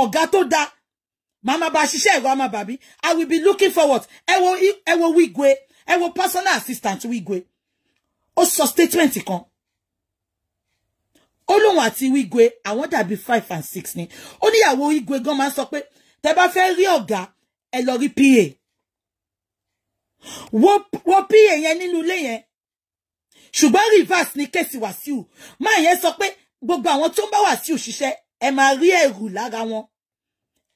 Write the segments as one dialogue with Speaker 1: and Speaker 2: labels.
Speaker 1: ọ̀gá tó da màá máa bá ṣiṣẹ́ ẹ̀rọ àmà bàbí i will be looking forward ẹ wo ẹ wo wigwe ẹ wo personal assistant wigwe ó sọ statement kan ó lóun àti wigwe àwọn dàbí five and six ni ó níyàwó wigwe gan máa ń sọ pé tẹ bá fẹ́ rí ọ̀gá ẹ lọ rí pa wo wo pa yẹn nínú ilé yẹn ṣùgbọ́n reverse ni kéèsì Wàsíù máa yẹn sọ pé gbogbo àwọn tó ń bá Wàsíù ṣiṣẹ́ ẹ máa rí ẹ̀rù lára wọn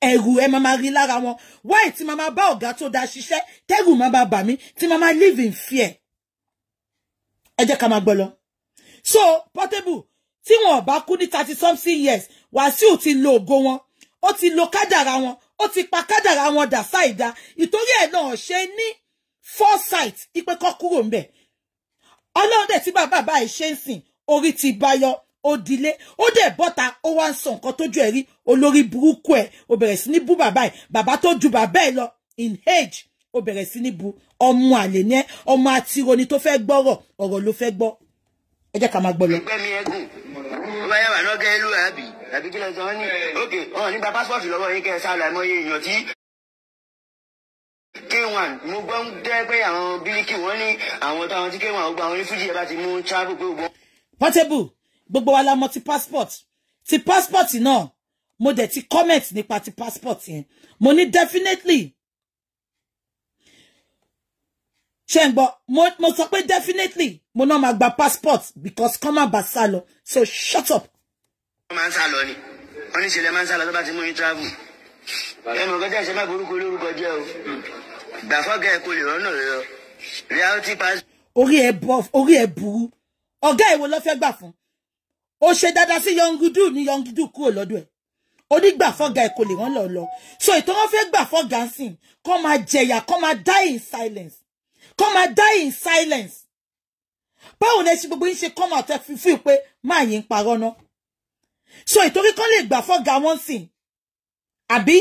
Speaker 1: ẹ̀rù ẹ máa máa rí lára wọn wáì tí màmá bá ọ̀gá tó dáa ṣiṣẹ́ tẹ́rù máa bá bà mí tí màmá live in fear ẹ jẹ́ ká máa gbọ́ lọ. so Portable tí wọn ò bá kú ní thirty something years Wàsíù ti lo ògo wọn ó ti lo kádàrá wọn ó ti pa kádàrá wọn dà sáìdá ìtorí ẹ̀ náà ṣe ní foresight ipe kọ́ kúrò ń bẹ̀ ọlọ́run dẹ̀ tí bàbá bá ẹ̀ ṣe ń sìn orí ti báyọ ó dilé ó dẹ̀ bọ́ta ó wá ń sọ nǹkan tójú ẹ̀ rí olórí burúkú ẹ̀ ó bẹ̀rẹ̀ sí ní bú bàbá ẹ̀ bàbá tó ju bàbá ẹ̀ lọ in age ó bẹ̀rẹ̀ sí ní bú ọmọ àlè ní ẹ ọmọ àtiro ni tó fẹ́ gbọ́rọ̀ ọ̀rọ̀ ló fẹ́ gbọ́ ẹ jẹ́ ká máa gbọ́ lọ.
Speaker 2: ẹgbẹ́ mi ẹgùn ó yàrá náà gẹ́ ìlú àbí àbí kí lè sọ ní òkè ọ̀ nípa k1 mo gbọ́ ń dẹ́ pé àwọn bíríkì wọ́n ní àwọn táwọn tí k1 ó gba àwọn onífújì ẹ bá ti mú travel pé ó gbọ́.
Speaker 1: Portable gbogbo wa la mọ̀ ti passport ti passport náà mo dẹ̀ ti comment nípa ti passport yẹn mo ní definitely Chen, ń gbọ́ mo mo sọ pé definitely mo náà máa gba passport because kọ́ má bàa sá so shut up.
Speaker 2: wọ́n máa ń sá lọ ni wọ́n ní ìṣẹ̀lẹ̀ máa ń sá lọ tó bá ti mú yín travel ẹnu ọgọ́dẹ́ ẹ̀ṣẹ̀ má burúkú olórúkọ jẹ́ o gbà fọ́gà ẹ̀ kò lè rọ́nà rẹ o reality pass.
Speaker 1: orí ẹ burú ọgá ìwo ló fẹ́ gbà fún ó ṣe dáadáa ni yọngudu ní yọngudu kúrò lọ́dọ̀ ẹ̀ onígbàfọ́gà ẹ̀ kò lè wọ́n lọ lọ so ìtọ́ wọn fẹ́ gbàfọ́gà sí kọ́ máa jẹ̀yà kọ́ máa die in silence kọ́ máa die in silence báwo lẹ ṣe gbogbo yín ṣe kọ́ máa tẹ fífi pé máa yín parọ́ so itori kan lè gbàfọ́gà wọn sí àbí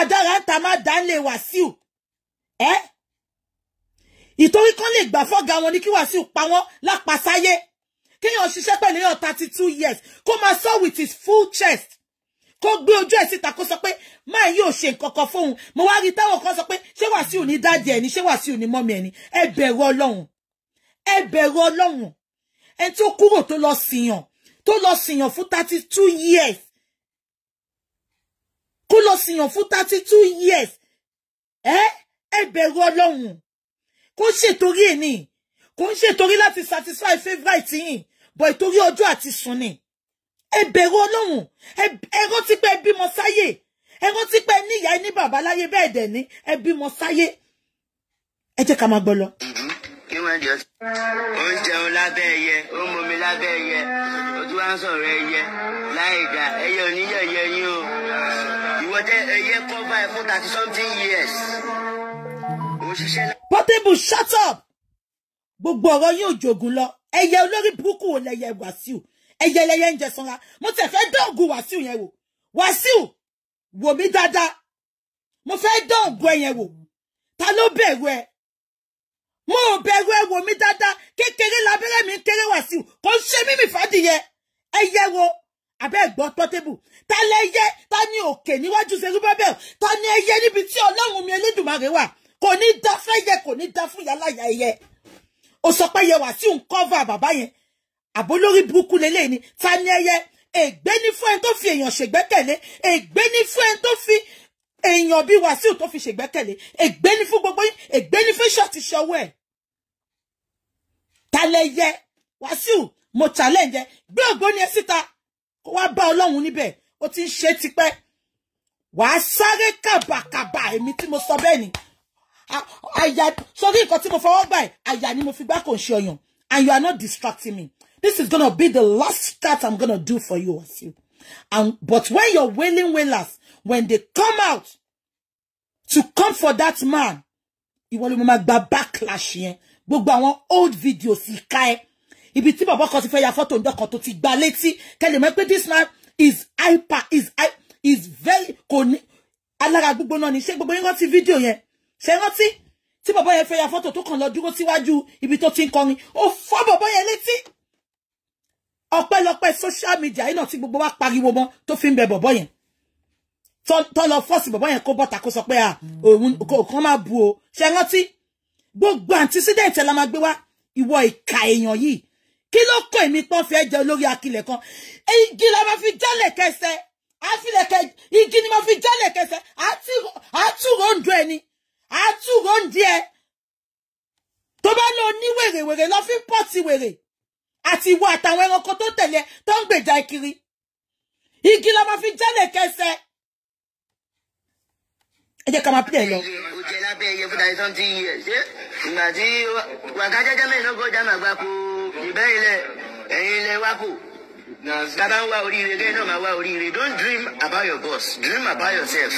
Speaker 1: adára ń ta má dá lè Wàsíù ẹ́ ìtorí kan lè gbàfọ́gà wọn ni kí Wàsíù pa wọ́n lápasáyé kéèyàn ṣiṣẹ́ pẹ̀lú èèyàn thirty two years kó máa sọ with his full chest kó gbé ojú ẹ̀ síta kó sọ pé máa yóò ṣe nǹkan kan fóun mo wá rí táwọn kan sọ pé ṣé Wàsíù ní dáàdì ẹ̀ ni ṣé Wàsíù ní mọ́mì ẹ̀ ni ẹ bẹ̀rù Ọlọ́run ẹ bẹ̀rù Ọlọ́run ẹ tó kúrò tó lọ sìyàn tó lọ sìyàn fún thirty two years kó lọ sìyàn fún thirty two years ẹ ẹ bẹ̀rù Ọlọ́run kó ṣètòrí ẹ̀ ni kò ń ṣètòrí láti satisfy favourite yìí bọ̀ ìtorí ọjọ́ àti sùn ni ẹ bẹ̀rù ọlọ́run ẹ rántí pé ẹ bímọ sáyé ẹ rántí pé ẹ níyàá ní bàbá láyé bẹ́ẹ̀ dẹ̀ ní ẹ bímọ sáyé ẹ jẹ́ ká máa gbọ́ lọ.
Speaker 2: kí wọ́n jọ ó ń jẹun lábẹ́ ẹyẹ ó ń momi lábẹ́ ẹyẹ ó tún wá ń sọ̀rọ̀ ẹyẹ láì dá ẹyẹ oníyẹ̀yẹ yín o ìwọ jẹ́ ẹyẹ kọ́fà ẹ̀ fún thirty something years.
Speaker 1: Portable shut up gbogbo ọ̀rọ̀ yóò jogun lọ ẹyẹ olórí burúkú wo lẹyẹ wàsíù ẹyẹ lẹyẹ ń jẹ sanra mo tẹ̀ fẹ́ dọ́ọ̀gù wàsíù yẹn wò wàsíù wò mí dáadáa mo fẹ́ dọ́ọ̀gù ẹ yẹn wò ta ló bẹ̀rù ẹ mo ò bẹ̀rù ẹ wò mí dáadáa kékeré labẹ́rẹ́ mi kéré wàsíù kò ń ṣe mímì fàdìyẹ ẹyẹ wo abẹ́ gbọ́ pọ́tébù ta lẹ́yẹ ta ni òkè níwájú serúbábẹ́ẹ̀ ta ni ẹyẹ níbi tí ọlọ́run mi elédùnmarè wà kò ní dá fẹ́yẹ kò ní dá fún yàrá yà ẹyẹ o sọ pé yẹwà sí òun cover bàbá yẹn àbó lórí burúkú lélẹ́yìí ni ta ni ẹyẹ ègbé ní fún ẹni tó fi èèyàn ṣègbẹ́kẹ̀lé ègbé ní fún ẹni tó fi èèyàn bíi wàsíù tó fi ṣègbẹ́kẹ̀lé ègbé ní fún gbogbo yín ègbé ní fún ṣọ́ọ̀tì ṣọwọ́ ẹ̀ ta lẹ yẹ wàsíù mo challenge ẹ gbé ògbóni ẹ síta kó wá bá ọlọ́run níbẹ̀ ó ti ń ṣe tipẹ́ wàá sáré kàbàkàbà mo sọ bẹ́ẹ̀ ni àyà sórí nǹkan tí mo fọwọ́ gbà ẹ̀ àyà ni mo fi gbá kò ṣe ọyàn and you are not distracting me this is gonna be the last start i'm gonna do for you Wasiu and but when your willing wailers when they come out to come for that man ìwọ ló máa gba backlash yẹn gbogbo àwọn old videos ìka ẹ ibi tí bàbá kan ti fẹ́ ya fọ́tò ǹdọ́kan tó ti gba létí kẹlẹ̀ mọ́ pé this man is hyper is is very kò ní alára gbogbo náà ní ṣé gbogbo yín kan ti video yẹn Se rántí ti bàbá yẹn fẹ́ ya fọ́tò tó kàn lọ dúró síwájú ibi tó ti ń kọrin ó fọ́ bàbá leti, létí ọpẹ́lọpẹ́ social media yìí ti tí gbogbo wa pariwo mọ́ tó fi ń bẹ bàbá yẹn tó lọ fọ́ọ̀sì bàbá yẹn kó bọ́ta kó sọ pé òun kan máa bu o ṣe rántí gbogbo antecedent la máa gbé wá ìwọ ìka èèyàn yìí kí ló kọ èmi pọ́n fẹ́ jẹ olórí akilẹ̀ kan igi la ma fi jálẹ̀ kẹsẹ̀ àfilẹ̀kẹ̀ igi ni máa fi jálẹ̀ kẹsẹ̀ àtúrò ń dún ẹni á ń di ẹ tó bá lọ ní wèrèwèrè lọ fi ń pọ́ọ̀tì wèrè àti ìwọ àtàwọn ẹranko tó tẹ̀lé tó ń gbèjà kiri
Speaker 2: igi lọ́mọ fi jálè kẹsẹ̀
Speaker 1: ẹ jẹ́ ká máa pè é lọ. o
Speaker 2: ń wá oríire gẹ́gẹ́ náà máa wá oríire don't dream about your boss dream about yourself.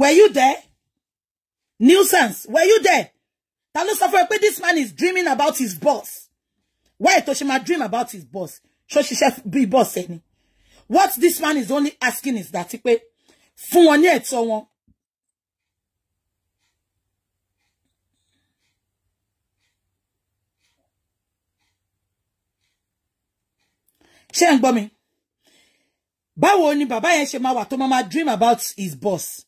Speaker 1: were you there? nuisance were you there ta ló sọ this man is dreaming about his boss why tó ṣe máa dream about his boss So she ṣiṣẹ́ be boss ẹni what this man is only asking is that pé fún wọn ní ẹ̀tọ́ wọn. ṣé ń gbọ́ mi báwo ni bàbá yẹn ṣe máa wà tó máa dream about his boss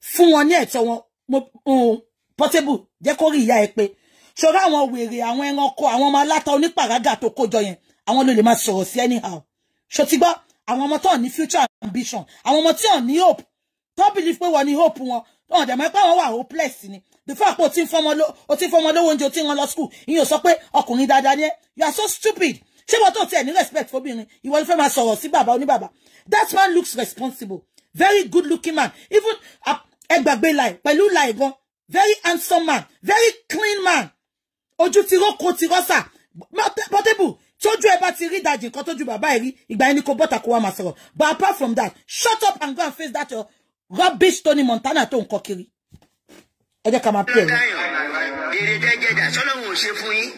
Speaker 1: Fun wọn ní ẹ̀tọ́ wọn Mm, Portable jẹ́ kó rí ìyá ẹ pé ṣọ́rọ́ àwọn wèrè àwọn ẹranko àwọn ọmọ aláta onípàrágà tó kójọ yẹn àwọn ló lè máa sọ̀rọ̀ sí anyhow ṣòtígbọ́ àwọn ọmọ tó ní future ambition àwọn ọmọ tí ò ní hope tó believe pé wọ́n ní hope wọn wọn dẹ̀ mọ́ pé wọ́n wà hopeless ni the fact pé o ti ń fọmọ lówó oúnjẹ o ti ń ran lọ school ìyẹn ò sọ pé ọkùnrin dáadáa ni ẹ you are so stupid ṣé wọn tó tiẹ̀ ní respect fóbìnrin ìwọ ló fẹ́ máa sọ̀rọ̀ sí bàbá oníbàbá that man looks responsible very good looking man even ẹ gbàgbé láì pẹ̀lú láì gan very handsome man very clean man ojú ti ró ko ti rọ́sà Portable tójú ẹ bá ti rí ìdajì nǹkan tójú bàbá ẹ rí ìgbà ẹni kò bọ́tà kó wá máa sọ̀rọ̀ but apart from that shut up and go and face that your uh, rubbish Tony Montana tó nǹkan kiri ẹ jẹ́ ká máa pè é.
Speaker 2: èrè tẹ́jẹ̀dà ṣe fún yín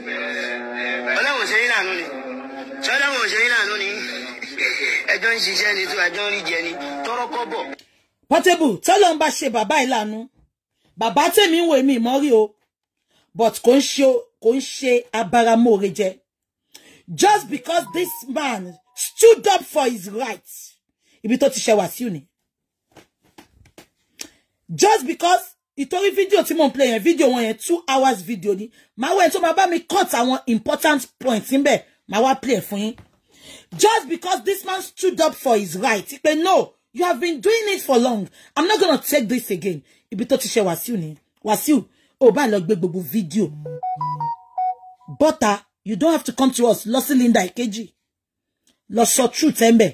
Speaker 2: ọlọ́wọ́ ò ṣe yín lànà ni sọ́lọ́wọ́ ń ṣiṣẹ́ ni tó ẹjọ́ ń rí jẹ ni tọ́rọ́kọ́ bọ̀.
Speaker 1: Portable tọ́lọ́ ń bá ṣe bàbá ìlànà bàbá tèmi mi wo èmi ìmọ́rí o but kò ń ṣe kò ń ṣe just because this man stood up for his rights ibi tó ti ṣe Wàsíù ni just because itori video tí mò play yẹn fídíò wọn yẹn two hours video ni ma wẹ̀ tó máa bá mi cut one important points imbe ma wa play for yín just because this man stood up for his rights, right pé no You have been doing it for long. I'm not gonna take this again. Ibi tó ti ṣe Wasiu ni. Wasiu, ó bá lọ gbé gbogbo video. Butter, you don't have to come to us. Lọ sí Linda Ìkejì. Lọ truth ńbẹ̀.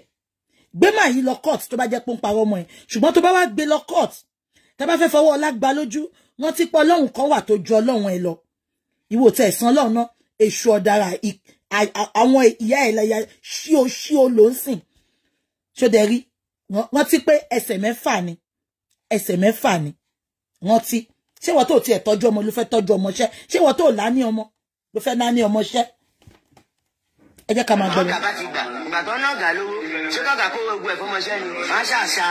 Speaker 1: Gbé ma yìí lọ court tó bá jẹ́ pon parọ́ mọ́ ẹ. Ṣùgbọ́n tó bá wá gbé lọ court. Tá bá fẹ́ fọwọ́ ọlá gbá lójú, wọ́n ti po Ọlọ́run kan wà tó ju Ọlọ́run ẹ lọ. Ìwọ tẹ́ san Ọlọ́run náà, èṣù ọ̀dàrà àwọn ìyá ẹ̀ láyà ṣí o ṣí o ló ń sìn ṣó wọ́n ti pé ẹsẹ̀ mẹ́fà ni ẹsẹ̀ mẹ́fà ni wọ́n ti ṣé wọ́n tó tiẹ̀ tọ́jú ọmọ ló fẹ́ tọ́jú ọmọ ṣẹ́ ṣé wọ́n tó lá ní ọmọ ló fẹ́ lá ní ọmọ ṣẹ́ ẹ jẹ́ ká máa gbọ́ lọ. ọkà bá
Speaker 2: ti gbà ìgbà tó ná ọ̀gá lówó ṣé kọ́kà kó gbogbo ẹ̀ fọmọṣẹ́ ni máa ṣàṣà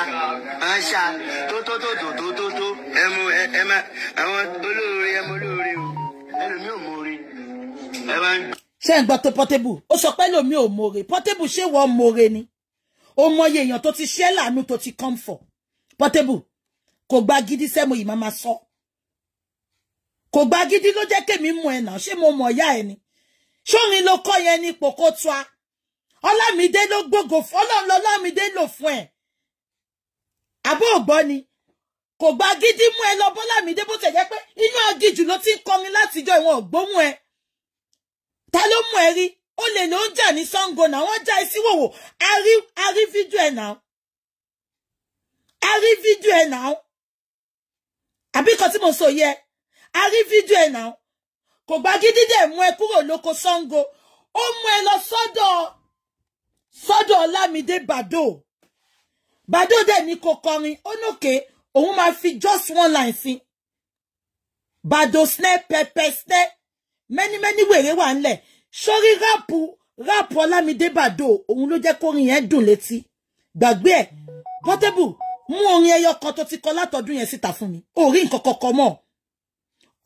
Speaker 2: máa ṣà tó tó tó tó tó tó tó ẹ mú ẹ má àwọn olóore ẹ mú olóore o ẹlòmí ò mọ̀ọ́re ẹ bá ń.
Speaker 1: ṣé ń gbọ́ tó Portable ó sọ pé ẹlòmí ò mọ̀ọ́re Portable ṣé wọ́n mọ̀ọ́re ni ó mọye èèyàn tó ti ṣẹ́ làánú tó ti come for Portable kò gba gidi sẹ́mo yìí máa sọ kò gba gidi ló jẹ́ kémi mọ̀ ẹ̀ náà ṣé mo mọ̀ ọ̀yá ẹ̀ ni ṣórin ló kọ́ yẹn ní pòkó tua ọlámidé ló gbógo ọlọ́run lọ́lámidé lò fún ẹ̀ àbó ògbọ́ ni kò gba gidi mú ẹ lọ bọ́lámidé bó tẹ̀ jẹ́ pé inú agijù ló ti ń kọrin látijọ́ ìwọ̀n ògbóhùn ẹ ta ló mú ẹ rí ó lè ní ó ń jà ní Ṣàngó náà wọ́n já sí wòwò a rí fídíò ẹ̀ náà a rí fídíò ẹ̀ náà àbí kan tí mo sọ yẹ a rí fídíò ẹ̀ náà kò gba gídídẹ mú ẹ kúrò lóko Ṣàngó ó mú ẹ lọ sọ́dọ̀ sọ́dọ̀ Ọlámídé Bàdó Bàdó dẹ̀ ní kò kọrin ó nókè òun máa fi just one line sí Bàdó snẹ pẹpẹ snẹ many many wèrè wà ńlẹ̀ sórí ráàpù ráàpù ọlámidé bàdó òun ló jẹ́ kórin yẹn dùn létí gbàgbé ẹ̀ Portable mú orin ẹyọ kan tó ti kọ látọdún yẹn síta fún mi orí nǹkan kọ̀ọ̀kan mọ́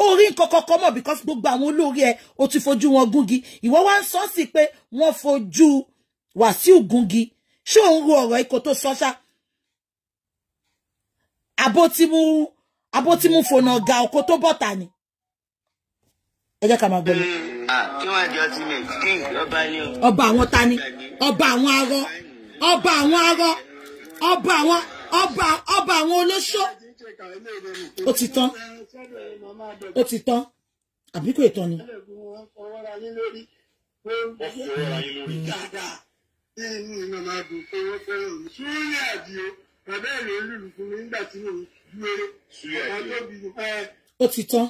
Speaker 1: orí nǹkan kọ̀ọ̀kan mọ́ because gbogbo àwọn olórí ẹ o ti fojú wọn gúngi ìwọ wá ń sọ sí pé wọ́n fojú Wàsíù gúngi ṣé òun ro ọ̀rọ̀ ikọ̀ tó sọ ṣá abótímú fònà ọ̀gá ọkọ̀ tó bọ̀tà ni ẹ jẹ́ ká máa gbọ́ lọ.
Speaker 2: Ah, kí ọba àwọn ta
Speaker 1: ọba àwọn arọ ọba àwọn arọ ọba àwọn ọba ọba àwọn olóṣó
Speaker 2: ó ti tán ó ti tán
Speaker 1: àbí kò ìtàn ni. Ó ti tán.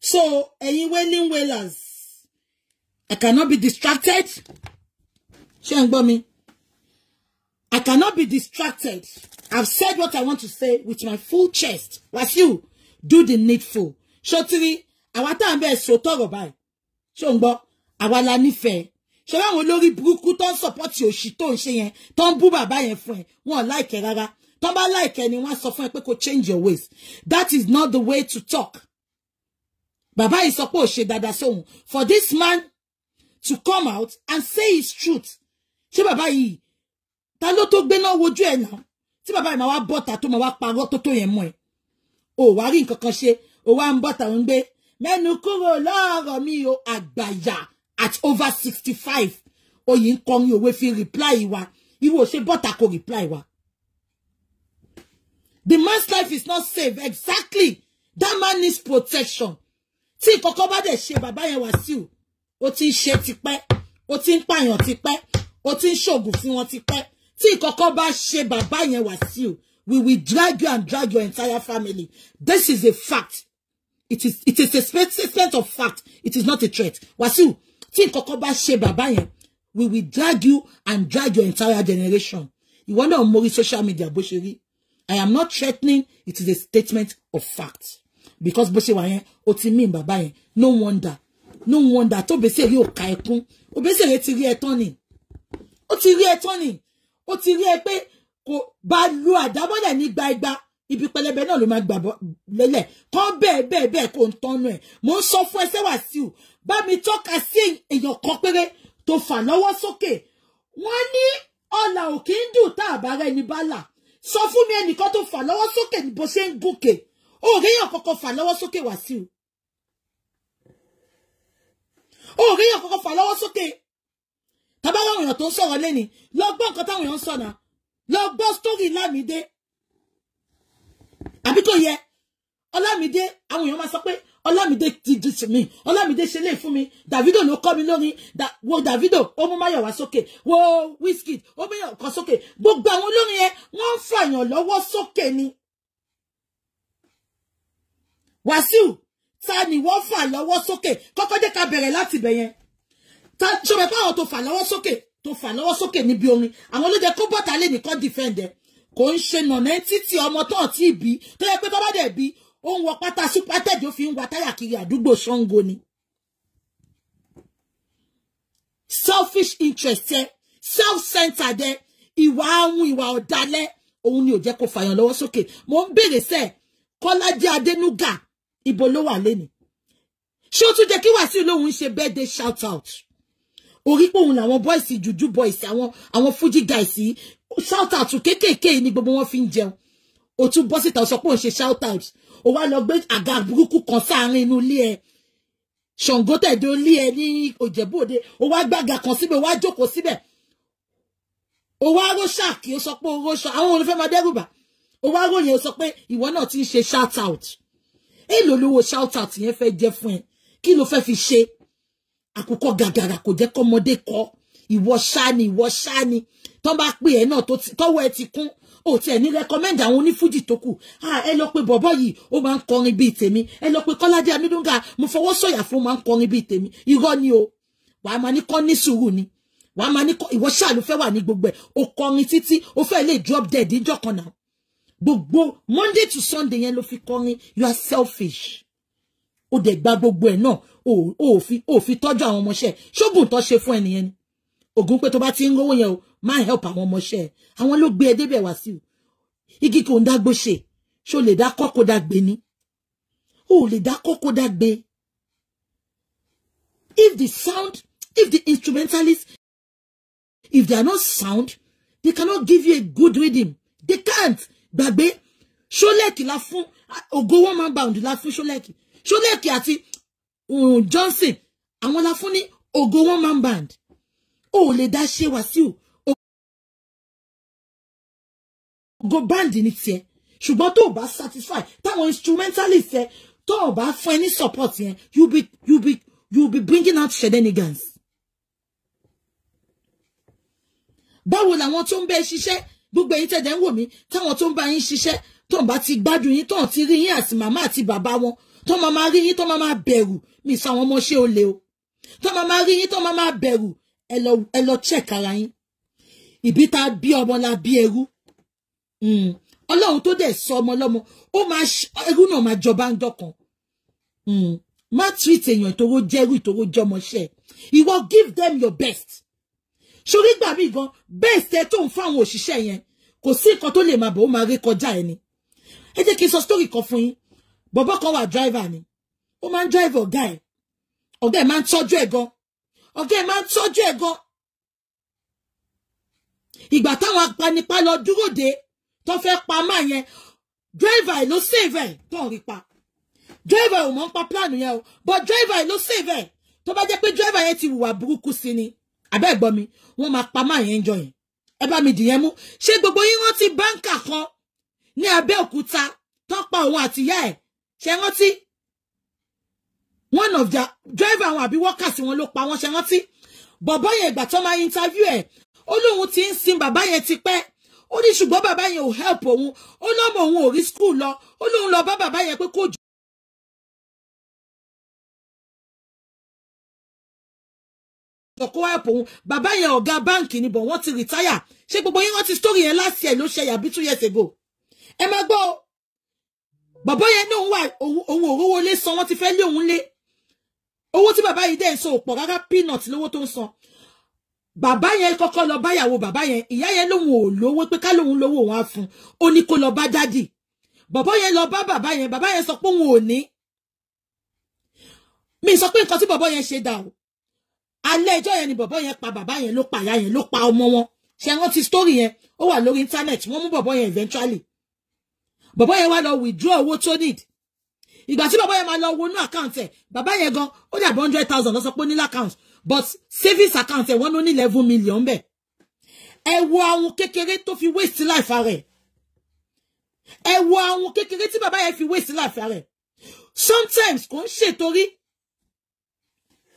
Speaker 1: So, ẹ̀yin wailing wailers, I cannot be distracted. Ṣé ń gbọ́ I cannot be distracted. I've said what I want to say with my full chest. Was you do the needful. Ṣotiri, àwa tá à ń bẹ̀ sòtọ̀rọ̀ báyìí. Ṣé ń gbọ́? Àwa la nífẹ̀ẹ́. Ṣé láwọn olórí burúkú tó support sọ̀pọ̀tì òṣì tó ń ṣe yẹn tó a friend. bàbá like a ẹ? Wọ́n láìkẹ́ rárá. Tó bá láìkẹ́ change your ways. That is not the way to talk. Baba is supposed pé ò ṣe dáadáa for this man to come out and say his truth ṣé Baba, yìí ta ló tó gbéná wojú ẹ̀ náà tí bàbá yìí máa wá bọ́ta tó máa wá parọ́ tó tó yẹn mọ́ ẹ̀ ò wá rí nǹkan kan ṣe ò wá ń bọ́ta ń gbé mẹ́nu kúrò lọ́rọ̀ mi o àgbàyà at over sixty five oyè ń kọrin òwe fi reply wa ìwọ ṣe bọ́ta ko reply wa. The man's life is not safe exactly that man needs protection tí kọ́kọ́ bá dẹ̀ ṣe bàbá yẹn Wàsíù ó ti ń ṣe tipẹ́ ó ti ń pààyàn tipẹ́ ó ti ń ṣògùn fún wọn tipẹ́ tí kọ́kọ́ bá ṣe bàbá yẹn Wàsíù we will drag you and drag your entire family this is a fact it is it is a statement of fact it is not a threat Wàsíù tí kọ́kọ́ bá ṣe bàbá yẹn we will drag you and drag your entire generation ìwọ náà mórí social media bó ṣe rí I am not threatening it is a statement of fact because bó ṣe wà yẹn o ti mí bàbá yẹn no wonder no wonder tó bẹ́sẹ̀ rí òka ẹkún òbẹ́sẹ̀ rẹ ti rí ẹ tán ni ó ti rí ẹ ni ó ti rí ẹ pé kò bá lu àdámọ́lẹ̀ ní gbaigba ibi pẹlẹbẹ náà ló máa gbà lélẹ̀ kọ́ bẹ́ẹ̀ bẹ́ẹ̀ bẹ́ẹ̀ kò ń tọ́nu ẹ̀ mò ń sọ fún ẹsẹ̀ Wàsíù bá mi tọ́ka sí èèyàn kan péré tó fà lọ́wọ́ sókè wọ́n ní ọ̀là òkè ń dùn tá àbára ẹni bá là sọ fún mi ẹnìkan tó fà lọ́wọ́ sókè ní bó ṣe ń gòkè òòréyàn kọ́kọ́ fà lọ́wọ́ sókè Wàsíù òòréyàn kọ́kọ́ fà lọ́wọ́ sókè tàbá àwọn èèyàn tó ń sọ̀rọ̀ lẹ́ni lọ gbọ́ nǹkan táwọn èèyàn ń sọ náà lọ gbọ́ sítórì Lámìdé àbí kò yẹ Ọlámìdé àwọn èèyàn máa sọ pé Ọlámìdé ti di tì mí Ọlámìdé ṣe lè fún mi Davido ló kọ́ mi lórí wo Davido ó mú Máyọ̀wá sókè wo whiskey. ó mú èèyàn kan sókè gbogbo àwọn olórin yẹn wọ́n ń fàyàn lọ́wọ́ sókè ni. Wàsíù ta ni wọ́n fà lọ́wọ́ sókè kọ́kọ́ jẹ́ ká bẹ̀rẹ̀ láti bẹ̀ yẹn ta ṣọmọ pé àwọn tó fà lọ́wọ́ sókè tó fà lọ́wọ́ sókè níbi orin àwọn ló jẹ́ kó bọ́ta lé nìkan dìfẹ́ǹdẹ̀ kò ń ṣe nànà títí ọmọ tó ti bí tó yẹ pé bábá dẹ̀ bí ó ń wọ pátá súpátẹ́jì ó fi ń wa táyà kiri àdúgbò Ṣàngó ni. selfish interest ẹ self-centered dẹ ìwà ahun ìwà ọ̀dàlẹ̀ òun ni ò jẹ́ kó fàyàn lọ́wọ́ sókè mò ń béèrè sẹ́ẹ̀ Kọ́lájí Adénúgà ibo ló wà lẹ́nu ṣé ó tún jẹ́ kí Wàsíù lòun ń birthday shout out orí pòun làwọn boys juju boys àwọn àwọn fuji guys yìí shout out kéékèèké ni gbogbo wọn fi ń jẹun ó tún bọ́ síta sọ pé òun shout out ó wá lọ gbé àga burúkú kan sáàrin inú ilé ẹ̀ Ṣàngó tẹ̀dó ilé ẹ̀ ní Òjẹ̀bú-Òde ó wá gbàgà kan síbẹ̀ ó wá jókòó síbẹ̀ ó wá ró ṣáàkì ó sọ pé ó ró ṣáà àwọn olùfẹ́ máa dẹ́rùbà ó wá ròyìn ó sọ pé ìwọ ti ń shout out èlò lówó shout out yẹn fẹ́ jẹ́ fun? ẹ kí ló fẹ́ fi ṣe àkókò gàgàrà kò jẹ́ kọ́mọdé kọ́ ìwọ ṣáni ìwọ ṣáni tọ́ bá pè ẹ́ náà tọ́wọ́ ẹ ti kún ó tiẹ̀ ní rẹ́kọ́mẹ́ndì àwọn onífújì tó kù ẹ lọ pé bọ̀bọ̀ yìí ó máa ń kọrin bíi tèmi ẹ lọ pé kọ́ládé amídúngà mo fọwọ́ sọ̀yà fún máa ń kọrin bíi tèmi irọ́ ni o wàá máa ní kọ́ ní sùúrù ni wàá máa ní kọ́ ìwọ ṣáà ló fẹ́ wà ní gbogbo ẹ̀ o kọrin títí o fẹ́ lè drop dead níjọ́ kan náà gbogbo monday to sunday yẹn ló fi kọrin you are selfish ó dẹ̀ gba gbogbo ẹ̀ náà ó fi ó fi tọ́jú àwọn ọmọọṣẹ́ ṣógun tó ṣe fún ẹnìyẹn ni ògùn pé tó bá ti ń rówó yẹn o máa help àwọn ọmọọṣẹ́ àwọn ló gbé ẹ débẹ̀ wá sí o igi kò ń dágbó ṣe ṣó lè dá kọ́kọ́ dágbé ni ó lè dá kọ́kọ́ dágbé if the sound if the instrumentalist if they are not sound they cannot give you a good rhythm they can't gbàgbé ṣólẹ́ẹ̀kì la fún ògo one man bound la fún ṣólẹ́ẹ̀kì ṣólẹ́ẹ̀kì àti mm, Johnson àwọn la fún ní ògo one man band ó lè dá ṣe Wàsíù ògo band ní tiẹ̀ ṣùgbọ́n tó o bá satisfy táwọn instrumentalist ẹ tó o bá fún ẹ ní support yẹn you be you be you be bringing out shenanigans. báwo làwọn tó ń bẹ ṣiṣẹ́ gbogbo ẹ̀yin tẹ̀dẹ̀ ń wò mí táwọn tó ń bá yín ṣiṣẹ́ tó ń bá ti gbádùn yín tó ń ti rí yín àti màmá àti bàbá wọn tó máa máa rí yín tó máa máa bẹ̀rù mi sọ àwọn ọmọọṣẹ́ olè o tó máa máa rí yín tó máa máa bẹ̀rù ẹ lọ check ara yín ìbí ta bí ọmọ la bí ẹrú hmm. ọlọ́run tó dẹ̀ sọ ọmọ lọ́mọ ó máa ẹrú náà máa jọba ń dọ̀kan hmm. má treat èèyàn ìtòwó jẹ́rú ìtòwó jọmọṣẹ́ ìwọ give them your best sórí gbà mí gan bẹ́ẹ̀ sẹ́ e tó ń fáwọn òṣìṣẹ́ yẹn kò sí nǹkan tó lè máa bọ̀ ó máa rí kọjá ẹni e ẹ jẹ́ kí n sọ sítórì kan fún yín bọ̀bọ́ kan wà dráìvà ni ó máa ń dráìvà ọ̀gá ẹ̀ ọ̀gá ẹ̀ máa ń tọ́jú ẹ̀ gan ọ̀gá ẹ̀ máa ń tọ́jú ẹ̀ gan ìgbà táwọn apanipa lọ dúró de tó fẹ́ pa máa yẹn dráìvà ẹ̀ ló sèvè tó ń rí pa dráìvà ò mọ̀ ń pa pílánù yẹn o but dráìvà ẹ̀ ló sèvè tó bá jẹ́ pé dráìvà yẹn ti hùwà burúkú sí ni àbẹ́ ẹ̀gbọ́n mi wọ́n máa pa máa yẹn ń jọ yẹn ẹ bá mi dìyẹn mú ṣé gbogbo yín rántí báńkà kan ní Abẹ́òkúta tó pa òun àtìyá ẹ̀ ṣe rántí one of their driver àwọn àbí workers wọn ló pa wọn ṣe rántí bọ̀bọ́ yẹn ìgbà tó máa interview ẹ̀ ó lóun ti ń sin bàbá yẹn tipẹ́ ó ní ṣùgbọ́n bàbá yẹn ò help òun ó lọ́mọ òun ò rí school lọ ó lóun lọ bá bàbá yẹn pé kó kó help òun bàbá yẹn ọ̀gá báǹkì ni bọ̀ ti retire ṣé gbogbo yín wọ́n ti story yẹn last year ló ṣe yàbí two years ago ẹ máa gbọ́ bàbá yẹn náà wà òun òróró lé san wọ́n ti fẹ́ lé òun lé owó tí bàbá yìí dẹ̀ ń san òpọ̀ rárá peanut lówó tó ń san bàbá yẹn kọ́kọ́ lọ báyàwó bàbá yẹn ìyá yẹn lòun ò lówó pé ká lòun lówó òun á fún ó ní kó lọ bá dádì bàbá yẹn lọ bá bàbá yẹn bàbá yẹn sọ pé òun ò ní mi sọ pé nǹkan tí bàbá yẹn ṣe dà o alẹ́ ẹjọ́ yẹn ni bọ̀bọ́ yẹn pa bàbá yẹn ló pa ìyá yẹn ló pa ọmọ wọn ṣe rántí story yẹn ó wà lórí internet wọ́n mú bọ̀bọ́ yẹn eventually bọ̀bọ́ yẹn wá lọ withdraw owó tó need ìgbà tí bọ̀bọ́ yẹn máa lọ wọnú account ẹ̀ bàbá yẹn gan ó dàbí hundred thousand lọ́sọ pé ó ní l'account but savings account ẹ̀ wọ́n ló ní eleven million bẹ́ẹ̀ ẹ wo àwọn kékeré tó fi waste life rẹ̀ ẹ wo àwọn kékeré tí bàbá yẹn fi waste life rẹ̀ sometimes kò ń ṣètorí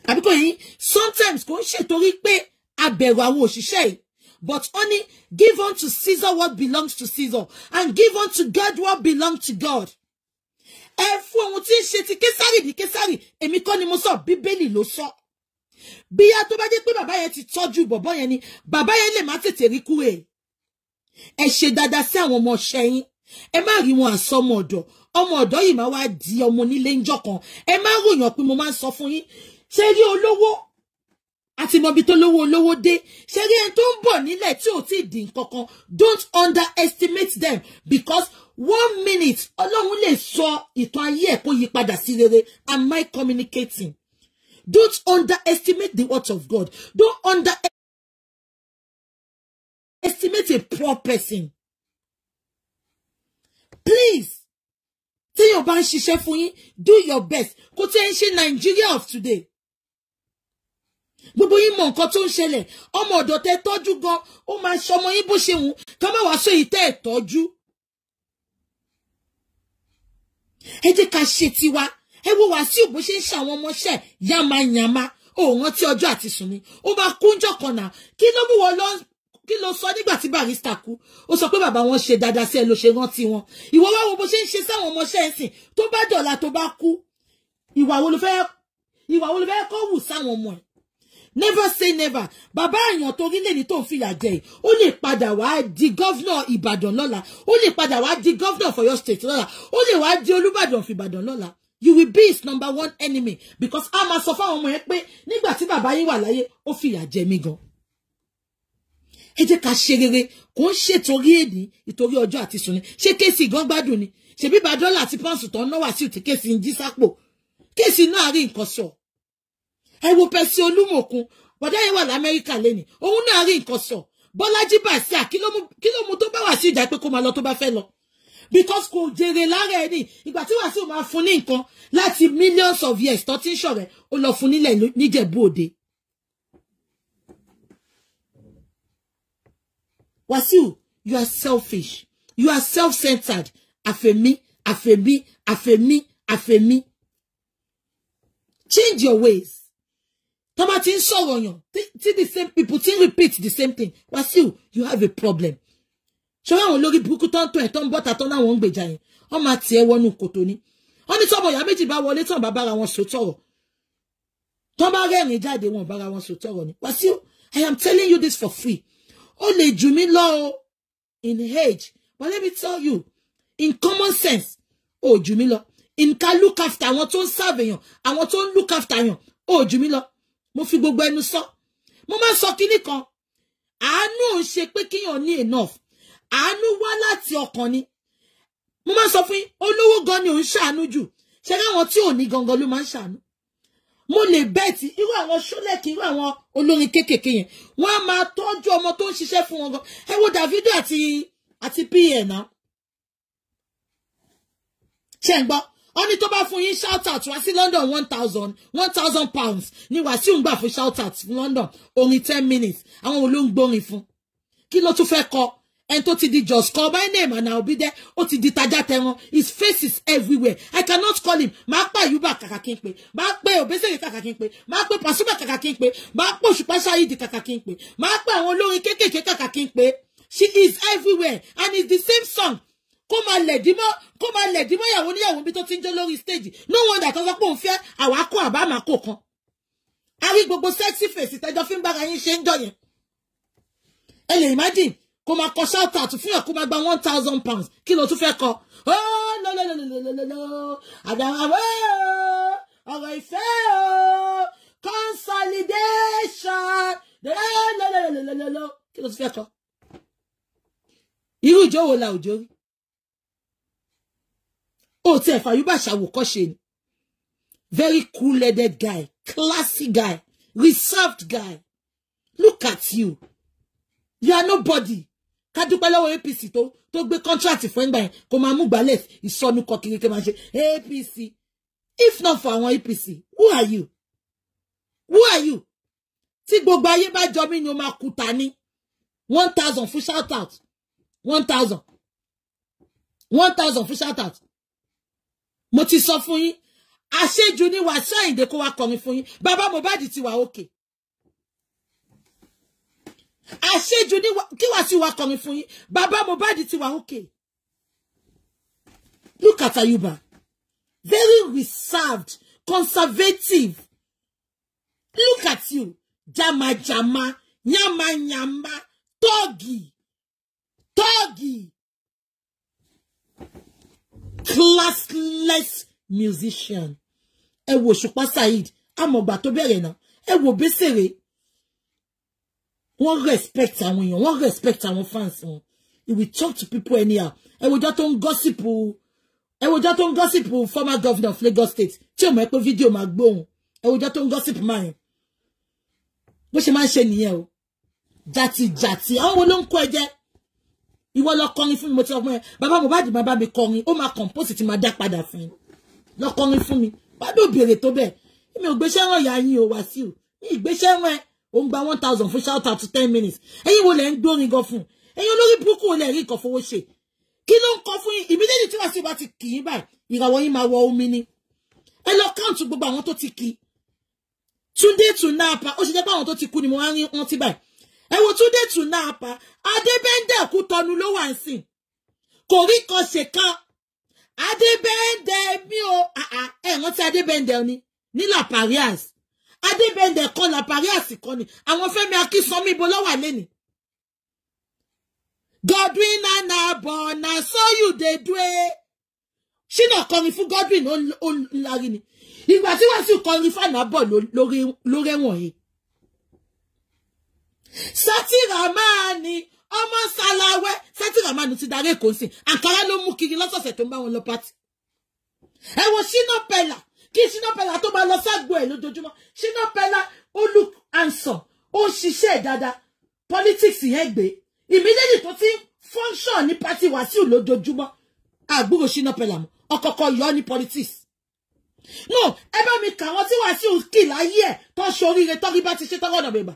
Speaker 1: àbí kò yín sometimes kò ń ṣètorí pé a bẹ̀rù àwọn òṣìṣẹ́ yìí but only give unto Caesar what belongs to Caesar and give unto God what belongs to God ẹ fún ohun tí ń ṣe ti késàrì ní késàrì èmi kọ́ ni mo sọ bíbélì ló sọ bíyá tó bá jẹ́ pé bàbá yẹn ti tọ́jú bọ̀bọ́ yẹn ni bàbá yẹn lè má tètè rí kúrè ẹ ṣe dáadáa sí àwọn ọmọ ọṣẹ yín ẹ má rí wọn àsọmọ ọmọ ọ̀dọ́ yìí máa wá di ọmọ onílé ńjọ́ kan ẹ máa ròyàn pé mo máa ń sọ fún yín ṣé rí olówó àti mọbi tó lówó olówó dé ṣé rí ẹni tó ń bọ̀ nílẹ̀ tí ò tí ì di nǹkan don't underestimate them because one minute ọlọ́run lè sọ ìtàn ayé ẹ̀ kó yí padà sí rere am I communicating don't underestimate the word of God don't underestimate a poor person please téèyàn bá ń ṣiṣẹ́ fún yín do your best kó tẹ́ ń ṣe Nigeria of today gbogbo yín mọ nǹkan tó ń ṣẹlẹ̀ ọmọ ọ̀dọ̀ tẹ tọ́jú gan ó máa ṣe ọmọ yín bó ṣe wù ká má wàá sọ èyí tẹ́ ẹ̀ tọ́jú ẹ jẹ́ ká ṣe tiwa ẹ wo Wàsíù bó ṣe ń ṣe àwọn ọmọọṣẹ́ yamayama òun rántí ọjọ́ àti sùn ni ó máa kúnjọ kan náà kí ló mú wọn lọ kí ló sọ nígbà tí barista kú ó sọ pé bàbá wọn ṣe dáadáa sí ẹ ló ṣe rántí wọn ìwọ wá wo bó ṣe ń ṣe sáwọn ọmọọṣẹ́ ẹ̀sìn tó bá dọ̀la tó bá kú ìwà wo ló fẹ́ ìwà wo ló fẹ́ kó wù sáwọn ọmọ ẹ̀ never say never bàbá èèyàn tó orílẹ̀ èdè tó ń fìyà jẹ yìí ó lè padà wá di gọ́vnọ̀ ìbàdàn lọ́la ó lè padà wá di gọ́vnọ̀ for your state lọ́la ó lè wá di olúbàdàn fìbàdàn lọ́la you will be his number one enemy because a máa sọ fáwọn ọmọ yẹn pé nígbà tí bàbá yín wà láyé ó fìyà jẹ mí gan ẹ jẹ́ ká ṣe rere kò ń ṣètòrí èdè ìtòrí ọjọ́ àti sùn ni ṣé kéèsì gan gbádùn ni ṣèbí bá dọ́là àti pọ́ǹsì tán náà wà sí òtí kéèsì ń jí sápò kéèsì náà rí nǹkan sọ ẹ wo pẹ̀sì olúmọ̀kun bọ̀dá yẹn wà lamẹ́ríkà lẹ́nìí òun náà rí nǹkan sọ bọ́lájí bàṣíà kí ló mú tó bá wà sí ìjà pé kó máa lọ tó bá fẹ́ lọ because kò jèrè lára ẹni ìgbà tí wàásù máa fún ní nǹkan láti millions of years tó ti ń ṣọ̀rẹ́ ó lọ fún nílẹ̀ níjẹ̀bú òde Wasiu, you are selfish. You are self-centered. Afemi, Afemi, Afemi, Afemi. Change your ways. Tó bá ti ń sọ̀rọ̀ yàn, the same people ti repeat the same thing. Wasiu, you have a problem. Ṣé wọ́n lórí burúkú tó ń tọ́ ẹ̀ tó ń bọ́ta tó láwọn ń gbèjà yẹn? Wọ́n máa tiẹ̀ wọnú kòtò ni. Wọ́n ní tọ́mọ ìyá méjì bá wọlé tán bàbá ara wọn sòtọ̀rọ̀. Tọ́ bá rẹ́rìn jáde wọn bára wọn sòtọ̀rọ̀ ni. Wasiu, I am telling you this for free ó lè jù in age but let me tell you in common sense oh jù mí in can look after I want to serve you, I want to look after you. Oh jù mí lọ mo fi gbogbo ẹnu sọ mo máa sọ kinní kan àánú ò ń ṣe pé kíyàn enough àánú wá láti ọkàn ni mo máa sọ fún yín olówó gan ni ò ń ṣàánú jù ṣé káwọn tí ò ní gangan ló máa ń mo lè bẹ́ẹ̀tì irú àwọn ṣọ́lẹ̀kì irú àwọn olórin kéékèèké yẹn wọ́n á máa tọ́jú ọmọ tó ń ṣiṣẹ́ fún wọn gan ẹ wo Davido àti àti pn náà ṣe ń gbọ́ wọ́n ní tó bá fún yín shout out wá sí London one thousand one thousand pounds ní Wàsíù ń gbà fún shout out London orin ten minutes àwọn olóńgbòrin fún kí ló tún fẹ́ kọ́ And to ti just call by name and I'll be there O ti di tajá his face is everywhere I cannot call him máa you back kàkà kí n pè máa pè Obesere kàkà kí n pè máa pè Pasuma kàkà kí n pè máa pè Òṣùpá Ṣáyídì kàkà kí n pè máa pè she is everywhere and it's the same song Come on, lẹ̀dí mọ́ kó máa lẹ̀dí mọ́ ìyàwó oníyàwó bí tó ti ń Lori stage no wonder tó sọ pé òun fẹ́ àwa kó àbámà kò kan a rí gbogbo sexy face ìtẹ́jọ́ fi ń bára yín ṣe ń jọ yẹn ẹ lè imagine kó máa kọ shout out fún ẹ̀ kó máa gba one thousand pounds kí ló tún fẹ́ kọ oh no no no no no no no àdàwọ̀ ọ̀rọ̀ ìfẹ́ o consolidation no no no no no no no kí ló tún fẹ́ kọ irú ìjọ wo la òjò rí ó tiẹ̀ fàyúbà ṣàwòkọ́ṣe ni very cool-headed guy classy guy reserved guy look at you you are nobody ká dúpẹ́ lọ́wọ́ APC tó tó gbé contract fún ẹgbà yẹn kó máa mú gbálẹ̀ ìsọnukọ kiri kí máa ṣe APC if not for àwọn APC who are you who are you tí gbogbo ayé bá jọ mí ni o máa kúta ní one thousand fún shout out one thousand one thousand fún shout out mo ti sọ fún yín àṣejù ni wàṣẹ ìdè kó wa kọrin fún yín bàbá Mohbad ti wà òkè. Okay àṣejù ní kí Wasiu wá kọrin fún yín bàbá Mohbad ti wà okay look at Ayuba very reserved conservative look at you jamajama yamayama tọ́ọ̀gì tọ́ọ̀gì classless musician ẹ wo Òṣùpá Saheed amọ̀gbà tó bẹ̀rẹ̀ náà ẹ wo bẹ́sẹ̀rẹ̀ wọ́n respect àwọn èèyàn wọ́n respect àwọn fans wọn he will talk to people anyhow ẹwùjọ tó ń gossip ẹwùjọ tó ń gossip former governor of Lagos State tí o mọ̀ pé fídíò máa gbóhùn ẹwùjọ tó ń gossip máa yẹn bó ṣe máa ń ṣe nìyẹn o jàtìjàtì àwọn wo ló ń kó ẹ jẹ ìwọ lọ kọrin fún mi mo ti ọmọ ẹ bàbá Mohbad bàbá mi kọrin ó máa compose ti máa dá padà fún yín lọ kọrin fún mi wàá dò béèrè tó bẹ́ẹ̀ mi ò gbéṣẹ́ ràn yà yín o Wàsíù mi ìgbéṣẹ́ ràn ẹ ó ń gba one thousand fún shout out to ten minutes ẹ̀yin wo lẹ̀ ń dórin gan fún ẹ̀yin olórí burúkú wo lẹ̀ rí nǹkan fowó ṣe kí ló ń kọ fún yín ìmídẹ́ẹ̀dì tí wàásù bá ti kì í báyìí ìràwọ̀ yín máa wọ omi ni ẹ lọ káàntù gbogbo àwọn tó ti kì í Túndé Tunapa ó ṣe jẹ́ pé àwọn tó ti kú ni mo wá rí wọn ti báyìí ẹ wo Túndé Tunapa Adébẹ́ndẹ̀ kú tọnu ló wà ń sìn kò rí kan ṣe kan Adébẹ́ndẹ̀ mi ò ah, ah, ẹ̀ rántí Adébẹ́ndẹ̀ ni la Parias adébẹ̀ndẹ̀ kọ́ làbárí àsìkò ni àwọn Fẹ́mi Akínsánmi ibo lọ́wà lẹ́ni. Godwin nana bọ̀ na so you dey do e. Ṣínà kọrin fún Godwin ó lárí ni. Ìgbà tí wọ́n sì kọrin fànà bọ̀ lórí ẹ̀wọ̀n yìí. Sátìrà máa ní ọmọ Sàláwẹ́ Sátìrà máa ní ti darí Èkó sí. Àǹkárá ló mú kiri lọ́sọ̀ọ̀sẹ̀ tó ń bá wọn lọ pátì. Ẹ wo Ṣínà Pẹ̀lá kí Shina Pellar tó máa lọ ságbo ẹ̀ lójoojúmọ́ Shina ó look handsome ó ń ṣiṣẹ́ dáadáa politics yẹn gbé immediately tó ti function ní party Wàsíù lójoojúmọ́ àgbúrò Shina Pellar mọ́ ọ̀kọ̀ọ̀kọ̀ yọ ní politics no ẹ bá mi kà wọ́n tí Wàsíù kì láyé ẹ̀ tó ṣe oríire tó rí bá ti ṣe tọ́wọ́ ọ̀nà bèbà.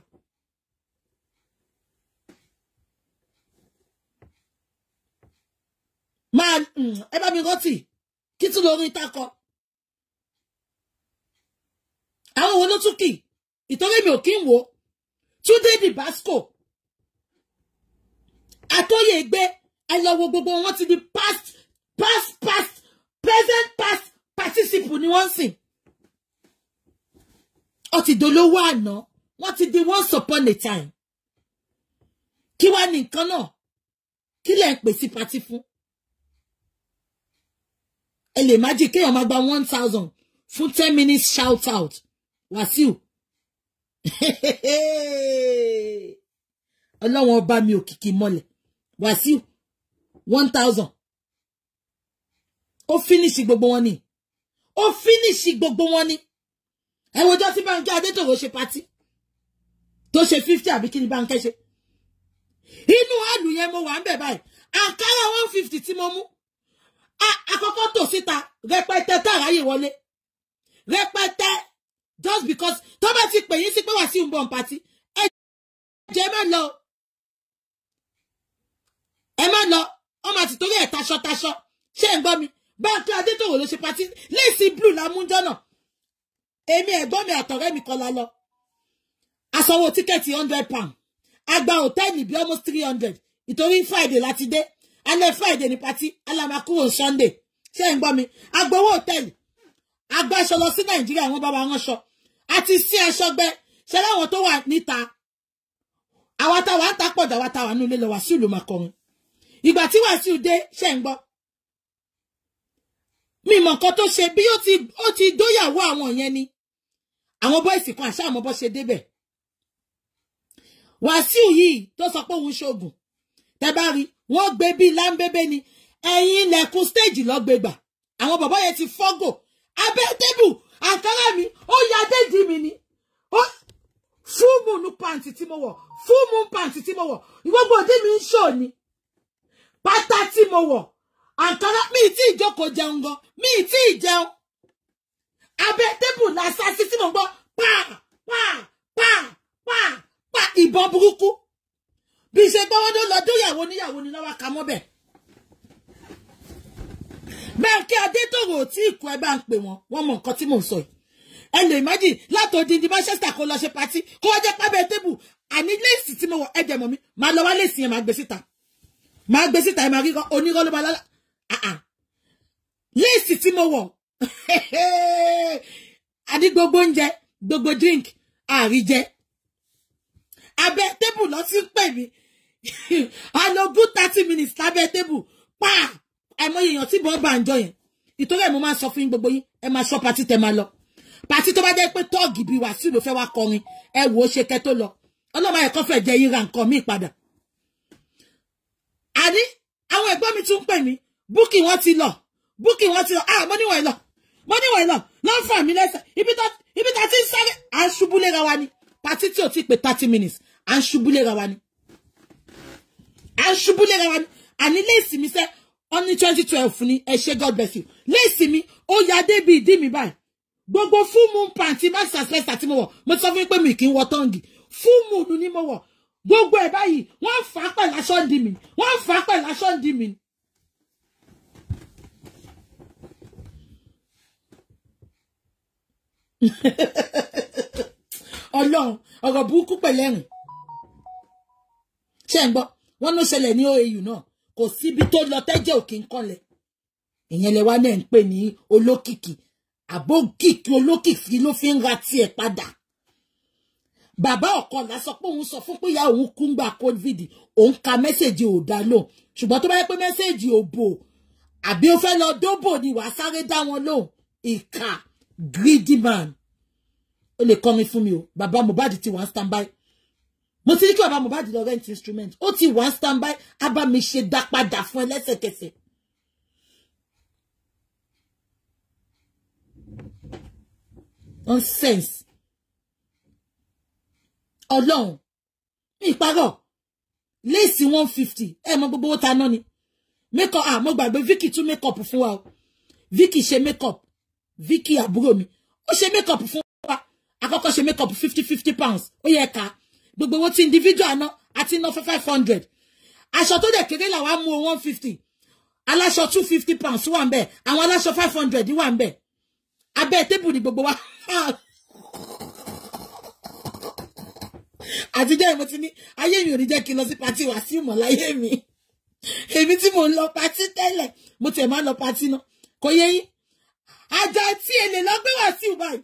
Speaker 1: máa mm, ẹ bá mi rántí kí tún lórí takọ àwọn wo ló tún kì ìtorí mi ò kí ń wò túndé dìbásco àtọyè gbé ẹ lọ wo gbogbo wọn ti di past past past present past participle ni wọ́n sìn ọ ti dolówó àná wọ́n ti di once upon a time kí wá ní nǹkan náà kí lẹ ń pè sí patí fún ẹ lè má jì kéèyàn máa gba one thousand fún ten minutes shout out Wàsíù ọlọ́wọ́n ọba mi òkìkí mọ́lẹ̀ Wàsíù one thousand ó fínísì gbogbo wọn ni ó fínísì gbogbo wọn ni ẹ wojọ́ tí Bánkẹ́ Adétòrò ṣe patí tó ṣe fifty àbí kí ni Bánkẹ́ ṣe inú àlù yẹn mo wà ń bẹ̀ báyìí àǹkárá one fifty tí mo mú àkọ́kọ́ tò síta rẹpẹtẹ tá àráyè wọlé rẹpẹtẹ just because tó bá ti pè yín sí pé wà sí ìbọn pàtí ẹ jẹ́ má lọ ẹ má lọ ọmọ àti torí ẹ̀ taṣọ taṣọ ṣé ń gbọ́ mi báńkì adétòwò ló ṣe pàtí léèsì blue lámújọ́ náà èmi ẹ̀gbọ́n mi àtọ̀rẹ́ mi kọ́lá lọ asanwó tíkẹ́ẹ̀tì hundred pound agba hòtẹ́ẹ̀lì bíi almost three hundred ìtorí friday láti dé alẹ́ friday ní pàtí alámakúrò sunday ṣé ń gbọ́ mi agbowó hòtẹ́ẹ̀lì agbẹ́sọ lọ sí nàìjíríà wọ́n bá wa ránṣọ àti sí ẹṣọ gbẹ ṣe láwọn tó wà níta àwa táwa ń ta pọ̀ dà wa táwa nù lé lọ wàsíù ló máa kọrin ìgbà tí wàsíù dé ṣe ń gbọ́ mi mọ̀ nǹkan tó ṣe bí ó ti dóyàwó àwọn yẹn ni àwọn bọ́ìsì kan àṣà àmọ́ bọ́ ṣe débẹ̀ wàsíù yìí tó sọ pé òun ṣoògùn tẹ bá rí wọ́n gbé bíi láńbébé ni ẹ̀yìn ilẹ̀kùn stéèjì lọ́gbẹ̀gbà àwọn bàbá yẹn ti fọ́gò abẹ́ tébù àǹkárá mi ó ya déèdì mi ni ó full moon pàǹtì tí mo wọ̀ full moon pàǹtì tí mo wọ̀ ìgbógun òde mi ń ṣò ni pátá tí mo wọ̀ àǹkárá mi ì tí ì jókòó jẹun gan mi ì tí ì jẹun abẹ́ tébù la sá sí tí mo gbọ́ pàà pàà pàà pàà pàà ìbọn burúkú bí ṣe gbọ́wọ́dọ́ lọ dóyàwó níyàwó ni lọ́wọ́ kà mọ́bẹ̀. Bánkẹ́ Adétòrò ò tí ì kú ẹ bá ń pè wọ́n wọ́n mọ nǹkan tí mò ń sọ yìí ẹ lè májì látòdì ní Manchester kó lọ ṣe patí kó wọ́n jẹ́ pábẹ́ tébù àní léèsì tí mo wọ ẹ̀jẹ̀ mọ̀ mi máa lọ wá léèsì yẹn máa gbé síta máa gbé síta ẹ̀ máa ríkan onírọ́ ló máa lọ́la léèsì tí mo wọ̀ àní gbogbo oúnjẹ gbogbo drink àríjẹ abẹ́ tébù lọ sí pè mí a lo good thirty minutes lábẹ́ tébù pàà àìmọye èèyàn tí bọ́ọ̀ bá ń jọ yẹn ìtorí ẹ̀ mo máa ń sọ fún gbogbo yín ẹ máa ṣọ́ patí tẹ máa lọ patí tó bá jẹ́ pé tọ́ọ̀gì bíi wàsíù ló fẹ́ wá kọrin ẹ wò ó ṣe kẹ́ tó lọ ọlọ́mọ ẹ̀kọ́ fẹ́ jẹ́ yín ra nǹkan míì padà. àní àwọn ẹ̀gbọ́n mi tún ń pè mí búkì wọn ti lọ búkì wọn ti lọ ah mo níwọ̀n ìlọ mo níwọ̀n ìlọ lọ́nfà mi lẹ́sẹ̀ ibi tá ti ń sáré à ń ṣubú léra wa ni patí tí ò ti pé thirty minutes à ń ṣubú léra wa ni à ń ṣubú léra wa ni àní lé ìsinmi sẹ́ ó ní twenty twelve ni ẹ ṣe god bless you léèsì mi ó ya débi ìdí mi báyìí gbogbo full moon pàǹtí má sàṣẹ́sà tí mo wọ̀ mo sọ fún yín pé mi kì í wọ tọ́ǹgì full moon ni mo wọ̀ gbogbo ẹ̀ báyìí wọ́n fà á pẹ̀lú aṣọ ń di mi wọ́n fà á pẹ̀lú aṣọ ń di mi. ọlọ́run ọ̀rọ̀ burúkú pẹ̀lẹ́rìn ṣé ń gbọ́ wọ́n ló ṣẹlẹ̀ ní OAU náà kò síbi tó lọ tẹ́jẹ̀ òkè ń kọ́lẹ̀ ìyẹn lẹ wá náà ń pè ní olókìkí àbókìkí olókìkí ló fi ń ra tiẹ̀ padà bàbá ọ̀kọ̀lá sọ pé òun sọ fún pé òun kú ngbà covid òun ka mẹ́sẹ̀gì ò dá lò ṣùgbọ́n tó bá yẹ pé mẹ́sẹ̀gì ò bò àbí ó fẹ́ lọ dóbò ni wàá sáré dá wọn lò ìkà greedy man ó lè kọrin fún mi o bàbá Mohbad ti wà ń stand by mo ti ní kí bàbá Mohbad lọ rent instrument ó ti wà standby á bá mi ṣe dá padà fún ẹ lẹ́sẹ̀kẹsẹ̀. nonsense ọlọ́run ní ìparọ́ léèsì one fifty ẹ mọ gbogbo owó ta ná ni make up ah mo gbàgbé Vicky tún make up fún wa o Vicky ṣe make up Vicky àbúrò mi ó ṣe make up fún wa àkọ́kọ́ ṣe make up fifty fifty pounds ó yẹ ká gbogbo owó tí individual ná àti ná five hundred aṣọ tó dẹ̀ kéré làwa mú o one fifty aláṣọ two fifty pounds wà ń bẹ̀ àwọn aláṣọ five hundred wà ń bẹ̀ abẹ́ tébù ni gbogbo wa àtijọ́ ìmọ̀ ti ní ayé mi ò ní jẹ́ kí n lọ sí patí wá sí ìmọ̀ láyé mi èmi tí mo ń lọ patí tẹ́lẹ̀ mo tẹ̀ máa ń lọ patí náà kò yẹ yín àjà tí èlé lọ gbé wá sí ìbáyìí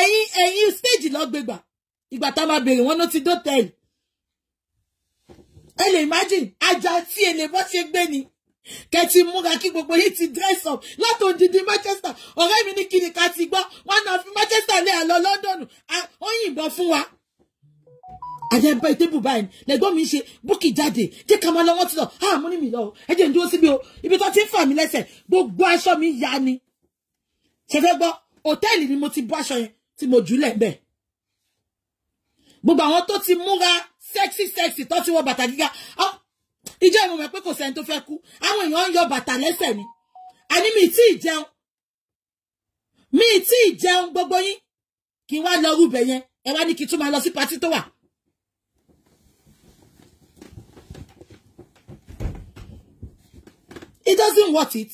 Speaker 1: ẹ̀yin ẹ̀yin stage lọ gbégbà ìgbà tá a máa bèrè wọn ló ti dó tẹ́lì ẹ lè imagine ajá tí èlé bọ́ ṣe gbé ni kẹtì múra kí gbogbo yìí ti dress up láti òdìdí Manchester ọ̀rẹ́ mi ní kíni ká ti gbọ́ wọn náà fi Manchester lé àlọ́ London ó yìnbọn fún wa àjẹbẹ tébù báyìí lẹgbọn mi ṣe búkì jáde jẹ ká máa lọ ti lọ ah mo ní mi lọ o ẹ jẹ́ n dúró síbi o ibi tó ti ń fà mí lẹ́sẹ̀ gbogbo aṣọ mi ya ni ṣẹfẹ gbọ́ hòtẹ́ẹ̀lì ni mo ti bọ́ aṣọ yẹn tí mo jùlẹ bẹ́ẹ̀ gbogbo àwọn tó ti múra sexy sexy tó ti wọ bàtà gíga ah, ìjọ ìmọ̀ mọ̀ kò sẹ́ni tó fẹ́ kú àwọn èèyàn ń yọ bàtà lẹ́sẹ̀ ni àní mi tí ì jẹun mi tí ì jẹun gbogbo yín kí wá lọ rúbẹ̀ yẹn ẹ wá ní kí tún máa lọ sí patí tó wà. It doesn't worth it.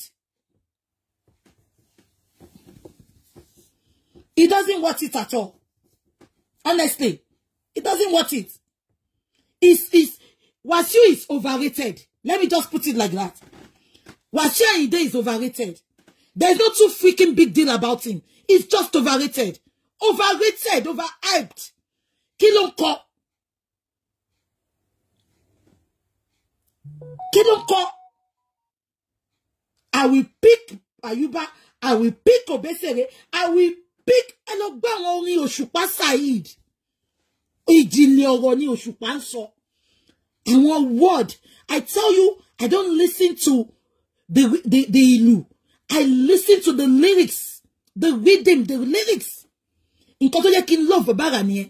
Speaker 1: It doesn't worth it at all. Honestly. It doesn't worth it. It's, it's, Wasiu is overrated. Let me just put it like that. Wasiu Ayinde is overrated. There's no too freaking big deal about him. He's just overrated. Overrated, overhyped. Kí ló ń kọ. I will pick Ayuba. I will pick Obesere. I will pick. Ẹ lọ gbọ́ Said ìjìnlẹ̀ ọ̀rọ̀ ni Òṣùpá ń sọ àwọn word I tell you I don't listen to the the the ilu. I listen to the lyrics the rhythm the lyrics nǹkan tó yẹ kí n love bàbá rà nìyẹn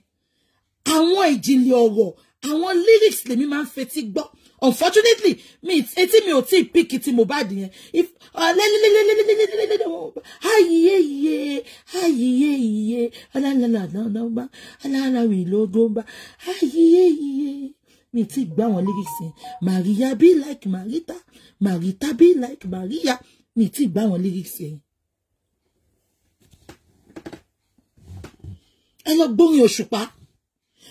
Speaker 1: àwọn ìjìnlẹ̀ ọ̀rọ̀ àwọn lyrics lèmi máa ń fetí gbọ́ unfortunately mi etí mi ò tí ì píkì ti Mohbad yẹn ayiyeye ayiyeye alalalanaba alalawi logoba ayiyeye mi ti gbá wọn lyrics yẹn Maria be like Marita Marita be like Maria mi ti gbá wọn lyrics yẹn. ẹ lọ gbórin òṣùpá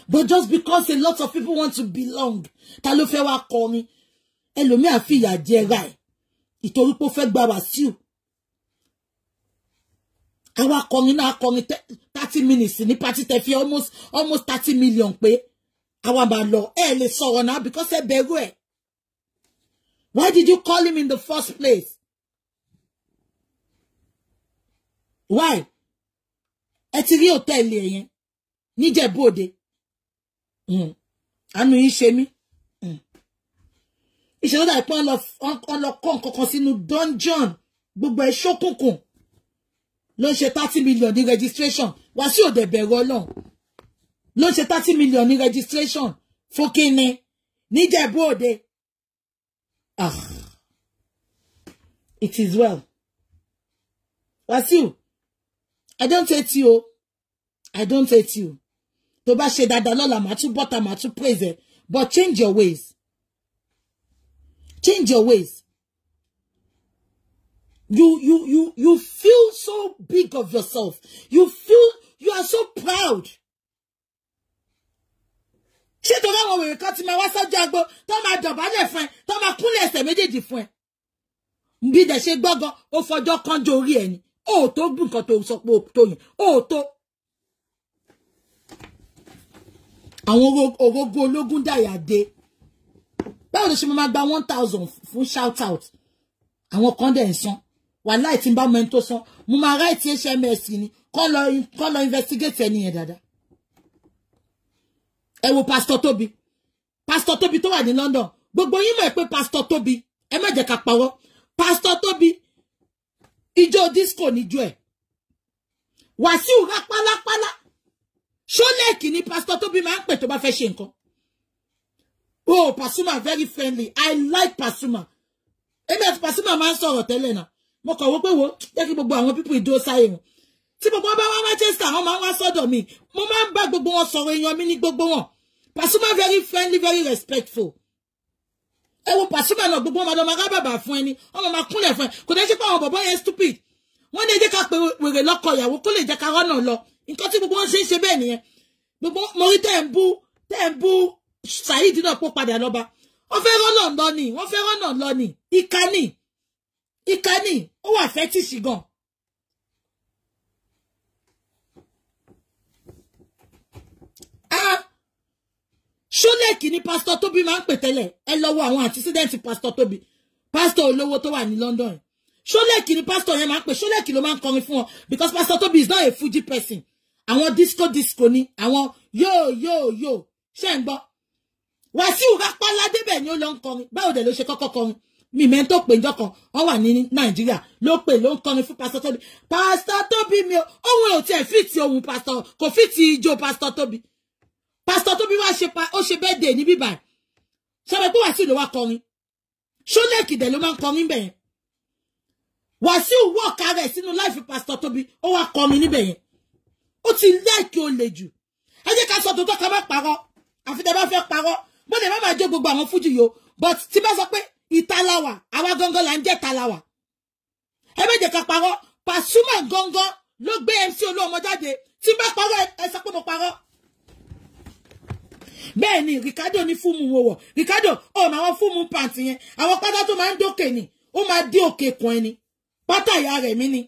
Speaker 1: But just because a lot of people want to belong, ta ló fẹ́ wá kọrin. Ẹlòmíì á fi ìyà jẹ ra ẹ̀. Ìtorí pé ó fẹ́ gba Wasiu. Àwa kọrin náà kọrin 30 minutes ni party te fi almost almost 30 million pé Awa ba lọ ẹ lè sọ̀rọ̀ náà because e bẹ̀rù ẹ̀. Why did you call him in the first place? Why? Ẹ ti rí hòtẹ́ẹ̀lì ẹ̀yẹn níjẹ̀bú òde. Hmm. àánú yín ṣe mí hmm. ìṣẹ̀lẹ̀ dàbí pé wọ́n lọ kọ́ nǹkan kan sínú dungeon gbogbo ẹ̀ ṣókùnkùn ló ń ṣe thirty million ní registration wá sí òde bẹ̀rù ọlọ́run ló ń ṣe thirty million ní registration fún kínní níjẹ̀bú òde. Ah, it is well. Wasiu, I don't hate you. I don't hate you tó bá ṣe dáadáa lọ́la màá tún bọ́ta màá tún praise ẹ but change your ways change your ways you you you you feel so big of yourself you feel you are so proud ṣé tó bá wọn wèrè kan ti máa wá sọ́jà gbó tó máa dọ̀bálẹ̀ fún ẹ tó máa kúnlẹ̀ ẹsẹ̀ méjèèjì fún ẹ bí dẹ̀ ṣe gbọ́gàn ó fọjọ́ kánjú orí ẹ̀ ni ó tó gbù nǹkan tó sọ pé ó tó yẹn ó tó àwọn ògógó ológun dàyà dé báwo ló ṣe máa gba one thousand fún shout out àwọn kan dẹ̀ ń san wàhálà ìtì bá mọ ẹni tó san mo máa ráìtì hms ni kọ́ lọ investigate ẹni yẹn dáadáa ẹ wo pásítọ̀ tóbi pásítọ̀ tóbi tó wà ní London gbogbo yín mọ̀ pé pásítọ̀ tóbi ẹ má jẹ́ ká pawọ́ pásítọ̀ tóbi ijó disco níjó ẹ̀ wàsíù rápálápálá ṣólẹ́ẹ̀kì ni pásítọ̀ Tóbi máa ń pè tó bá fẹ́ ṣe nǹkan oh Pasuma very friendly I like Pasuma èmi àti Pasuma máa ń sọ̀rọ̀ tẹ́lẹ̀ náà mo kàn wọ́n pé wo jẹ́ kí gbogbo àwọn pípọ̀ ìdó sáyé wọn tí gbogbo ọba wa Manchester wọn máa ń wá sọ́dọ̀ mi mo máa ń bá gbogbo wọn sọ̀rọ̀ èèyàn mi ní gbogbo wọn Pasuma very friendly very respectful ẹ wo Pasuma náà gbogbo ọmọdé ọmọ arábàbà fún ẹni ọmọ máa kúnlẹ̀ fún ẹ kò dẹ́ ṣe pé stupid wọ́n ní ẹ jẹ́ ká pe wèrè lọ́kọ ìyàwó kó lè jẹ́ ká rọ́nà nǹkan tí gbogbo wọn ṣe ń ṣe bẹ́ẹ̀ nìyẹn gbogbo mo rí tẹ̀ ń bú tẹ̀ ń bú Saheed náà pọ̀ padà lọ́ba wọ́n fẹ́ rọ́nà lọ ni wọ́n fẹ́ rọ́nà lọ ni ìka ni ìka ni ó wà fẹ́ tìṣì gan. ṣólẹ́ẹ̀kì ni pásítọ̀ tóbi máa ń pè tẹ́lẹ̀ ẹ lọ́wọ́ àwọn àtisídẹ́ǹtì pásítọ̀ tóbi pásítọ̀ olówó tó wà ní London ṣólẹ́ẹ̀kì ni pásítọ̀ yẹn máa ń pè ṣólẹ́ẹ̀kì ló máa ń kọrin fún ọ because pásítọ̀ tóbi is not a Fuji person àwọn disco disco ni àwọn yóò yóò yóò ṣe ń gbọ́ Wàsíù Rápálá débẹ̀ ni ó lọ ń kọrin báwo dẹ̀ ló ṣe kọ́kọ́ kọrin mi mẹ́ tó pè njọ́ kan wọ́n wà ní Nàìjíríà ló pè ló ń kọrin fún pásítọ̀ Tóbi pásítọ̀ Tóbi mi ò ohun ò tiẹ̀ fi ti ohun Pastor kò fi ti ijó pásítọ̀ Tóbi pásítọ̀ Tóbi wá ṣe pa ó ṣe bẹ́ẹ̀ dè ní bíbà ṣọlá pé Wàsíù ló wá kọrin ṣọlẹ́ẹ̀kì dẹ̀ ló máa ń kọrin bẹ̀yẹn Wàsíù wọ̀ kárẹ̀ sínú láìfi Pastor Tóbi ó wá kọrin níbẹ̀yẹn ó ti láìkí olè jù ẹ jẹ́ ká sọ tó tọ́ ká má parọ́ àfi tẹ́ bá fẹ́ parọ́ mo lè má máa jó gbogbo àwọn fújì yìí o but tí bá sọ pé ìtaláwà àwa gangan là ń jẹ́ ìtaláwà ẹ má jẹ́ ká parọ́ Pasuma gangan ló gbé MC Olúọmọ jáde tí bá parọ́ ẹ sọ pé mo parọ́ bẹ́ẹ̀ ni Ricardo ní fúnmu wo wọ̀ Ricardo ọ̀nà àwọn fúnmu pàǹtì yẹn àwọn pátá tó máa ń dókè ni ó máa dé òkè kan ẹni pátá ìyá rẹ̀ mi ni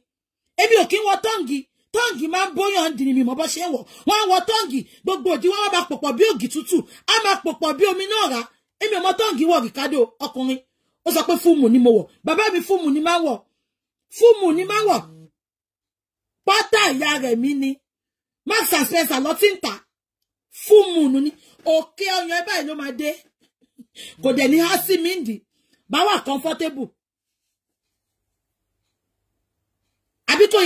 Speaker 1: èmi ò kí wọ tọ́ǹgì tọ́ǹgì máa ń bóyàn dìrì mímọ́ bọ́ ṣe wọ̀ wọ́n á wọ tọ́ǹgì gbogbo òdì wọn máa pọ̀pọ̀ bí ògì tútù á máa pọ̀pọ̀ bí omi náà rà èmi ọmọ tọ́ǹgì wọ̀ rìkádò ọkùnrin ó sọ pé fúùmù ni mo wọ̀ bàbá mi fúùmù ni máa wọ̀ fúùmù ni máa wọ̀ pátá ìyá rẹ̀ mi ni Max and Spencer lọ ti ń òkè ọyàn ẹ báyìí ló máa dé kò dẹ̀ ní wà comfortable àbí tó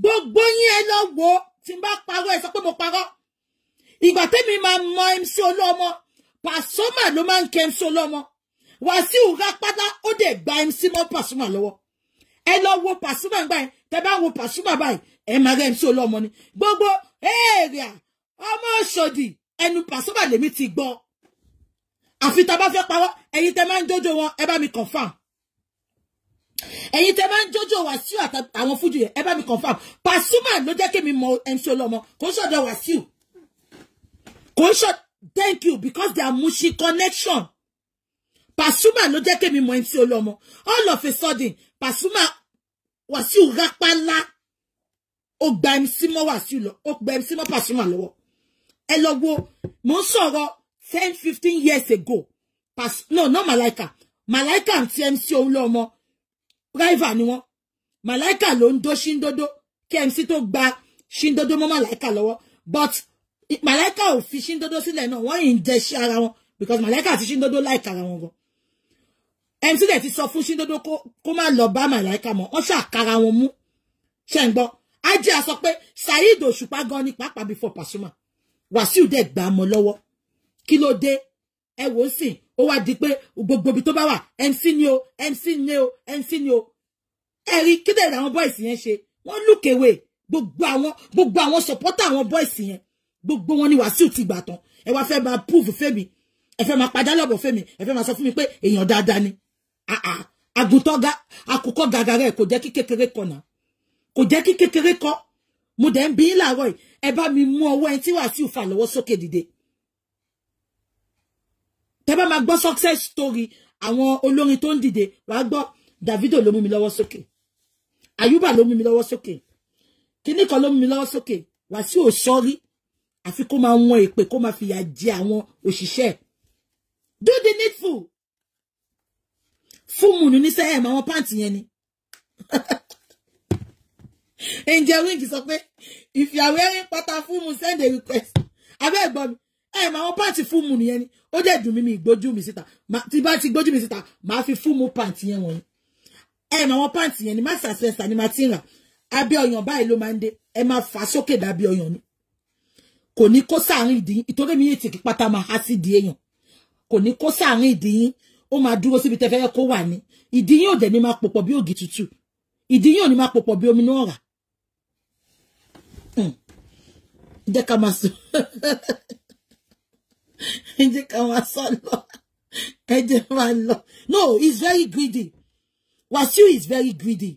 Speaker 1: gbogbo yín ẹ lọ wò ó tí n bá parọ́ ẹ sọ pé mo parọ́ ìgbà tẹ́mi máa mọ MC Olúọmọ Pasuma ló máa ń kẹ MC Olúọmọ Wàsíù Rápálá ó dẹ̀ gba MC mọ́ Pasuma lọ́wọ́ ẹ lọ wo Pasuma gbà yẹn tẹ bá wo Pasuma báyìí ẹ máa rẹ MC Olúọmọ ni gbogbo èrè ọmọ Ọ̀ṣọ́dì ẹnu Pasuma lèmi ti gbọ́ àfi tá a bá fẹ́ parọ́ ẹ̀yin tẹ máa ń jójo wọn ẹ bá mi confam ẹ̀yin tẹ́ bá ń jójó Wàsíù àtàwọn fújì yẹn ẹ bá mi confam Pasuma ló jẹ́ kí mi mọ MC Olúọmọ kò ń ṣọ̀dọ̀ Wàsíù kò ń ṣọ̀dọ̀ thank you because they are mushi connection Pasuma ló jẹ́ kí mi mọ MC Olúọmọ all of a sudden Pasuma Wàsíù rápálá ó gba MC mọ́ Wàsíù lọ ó gba MC mọ́ Pasuma lọ́wọ́ ẹ lọ wo mò ń sọ̀rọ̀ ten fifteen years ago Pas no no Malaika Malaika àti MC Olúọmọ rival ni wọ́n màláìkà ló ń dó ṣíndodo kmc tó gba ṣíndodo mọ́ màláìkà lọ́wọ́ but màláìkà ò fi ṣíndodo sílẹ̀ náà wọ́n yìí ń jẹ ara wọn because màláìkà ti ṣíndodo láìka ara wọn gan mc dẹ̀ ti sọ fún ṣíndodo kó má lọ bá màláìkà mọ́ wọ́n ṣàkàrà wọn mú ṣe ń gbọ́ ajé a sọ pé Saheed Òṣùpá gan ni pàápàá before Pasuma Wàsíù dẹ̀ gbà á mọ́ lọ́wọ́ kí ló dé ẹ wò ó sìn ó wá di pé gbogbo ibi tó bá wà MC ni o MC ni o MC ni o ẹ rí kí dẹ̀rẹ̀ àwọn boys yẹn ṣe wọ́n lùkèwé gbogbo àwọn gbogbo àwọn supporter àwọn boys yẹn gbogbo wọn ni Wàsíù ti gbà tán ẹ wá fẹ́ máa prove fẹ́mi ẹ fẹ́ máa padà lọ́bọ̀ fẹ́mi ẹ fẹ́ máa sọ fún mi pé èèyàn dáadáa ni àgùntàn àkùkọ gàgàrà ẹ kò jẹ́ kí kékeré kọ náà kò jẹ́ kí kékeré kọ mo dẹ̀ ń bí láàárọ̀ yìí ẹ bá mi mú ọwọ́ ẹ tí Wàsíù fà lọ́wọ́ sókè dìde tẹ́ bá máa gbọ́ success story àwọn olórin tó ń dìde wàá gbọ́ Davido ló mú mi lọ́wọ́ sókè Ayuba ló mú mi lọ́wọ́ sókè kíní kan ló mú mi lọ́wọ́ sókè Wàsíù ò sọ́rí àfi kó máa wọn èpè kó máa fìyà jẹ àwọn òṣìṣẹ́ do the needful fún mùnú ní sẹ́yìn mọ́ àwọn pàǹtì yẹn ni angel wing sọ pé if you are wearing pata fún mu send a request abẹ́ ẹ̀gbọ́n mi ẹ eh, mà wọn pàǹtì fún mu nìyẹn ni ó jẹ́ dùn mí mi ìgbójú mi síta tí bá ti gbójú mi síta màá fi fún mu pàǹtì yẹn wọ̀nyí ẹ eh, mà wọn pàǹtì yẹn ni má sàṣẹṣà ni má ti rà abẹ́ ọyàn báyìí ló máa ń dé ẹ máa fà sókè dàbí ọyàn ni kò ní kó sáàrin ìdín ìtorí mi yìí tìkí pátá máa há sí ìdí èèyàn kò ní kó sáàrin ìdín ó máa dúró síbi tẹfẹ́ kó wà ní ìdí yóò dẹ̀ ní máa pòpọ̀ bí ògì tútù ìdí yóò ní máa pòpọ̀ bí omi náà rà hmm. jẹ́ ká máa sọ ẹ jẹ́ ká wá sá lọ ẹ jẹ́ wá lọ no he's very greedy Wasiu is very greedy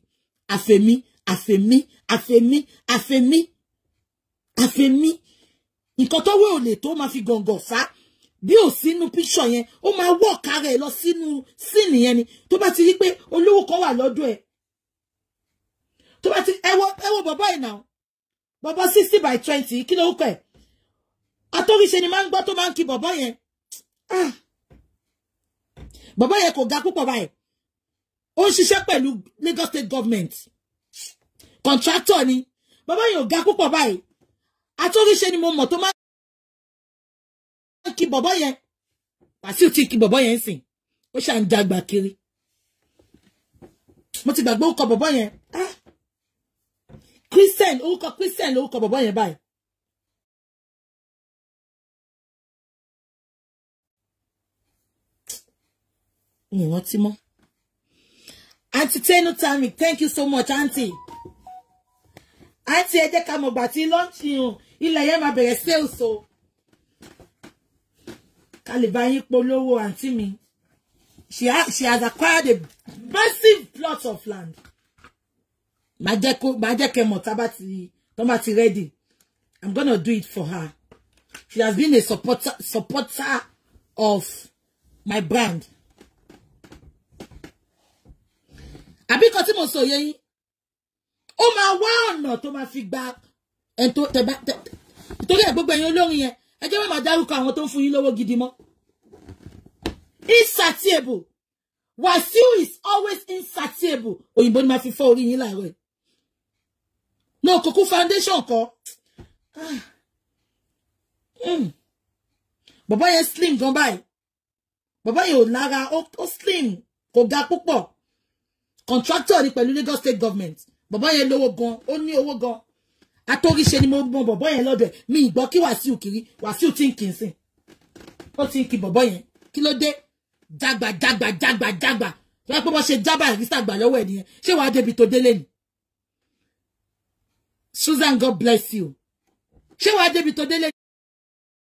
Speaker 1: àfẹ̀mí àfẹ̀mí àfẹ̀mí àfẹ̀mí àfẹ̀mí nǹkan tó wé ò lè tó máa fi gàngàn fà á bí ò sínú píṣọ yẹn ó máa wọ ọkà rẹ lọ sínú sínú yẹn ni tó bá ti rí pé olówó kan wà lọ́dọ̀ ẹ̀ tó bá ti ẹwọ ẹwọ bàbá ẹ̀ náà bàbá sixty by twenty kí ló ń kọ ẹ̀ atóríṣe ni máa ń gbọ́ tó máa ń kí bọ̀bọ́ yẹn ah. bọ̀bọ́ yẹn kò ga púpọ̀ báyìí ó ń ṣiṣẹ́ pẹ̀lú Lagos state government contractor ni bọ̀bọ́ yẹn ò ga púpọ̀ báyìí atóríṣe ni mo mọ̀ tó máa ń kí bọ̀bọ́ yẹn Wàsíù ti kí bọ̀bọ́ yẹn sìn ó ṣà ń dàgbà kiri mo ti gbàgbé orúkọ bọ̀bọ́ yẹn ah. Christian orúkọ Christian lórúkọ bọ̀bọ́ yẹn báyìí mi rántí mọ́. aunty tenu tami thank you so much aunty aunty ẹ jẹ́ ká mọ̀ gbà tí lọ́ọ̀tì hàn ilẹ̀ yẹn máa bẹ̀rẹ̀ sales o ká lè bá yín polówó àǹtí mi she has, she has acquired a massive plot of land màá jẹ́ kó màá jẹ́ kẹ́ mọ̀ tá bá ti ready i'm gonna do it for her she has been a supporter supporter of my brand àbí kan tí mo sọ yẹ yín ó máa wá ọ̀nà tó máa fi gba ẹ̀ńtó gbogbo ẹ̀yin olórin yẹn ẹ jẹ́ máa dárúkọ àwọn tó ń fún yín lówó gidi mọ́ insatiable Wasiu is always insatiable òyìnbó ni máa fi fọ́ orí yín láàárọ̀ náà kókó foundation kọ́ ah. hmm. bàbá yẹn slim gan báyìí bàbá yẹn ò lára ó slim kò ga púpọ̀ contractor ni pẹ̀lú Lagos state government bọ̀bọ̀ yẹn lówó gan ó ní owó gan atóríṣe ni mo mọ bọ̀bọ̀ yẹn lọ́dọ̀ ẹ̀ mi ìgbọ́ kí Wàsíù kiri Wàsíù tí ń kì í sìn ó ti ń kí bọ̀bọ̀ yẹn kí ló dé jágbà jágbà jágbà jágbà tó pé wọ́n ṣe jábà ìrísà àgbà lọ́wọ́ ẹ̀ nìyẹn ṣé wàá débi tó délé ni Susan God bless you ṣé wàá débi tó délé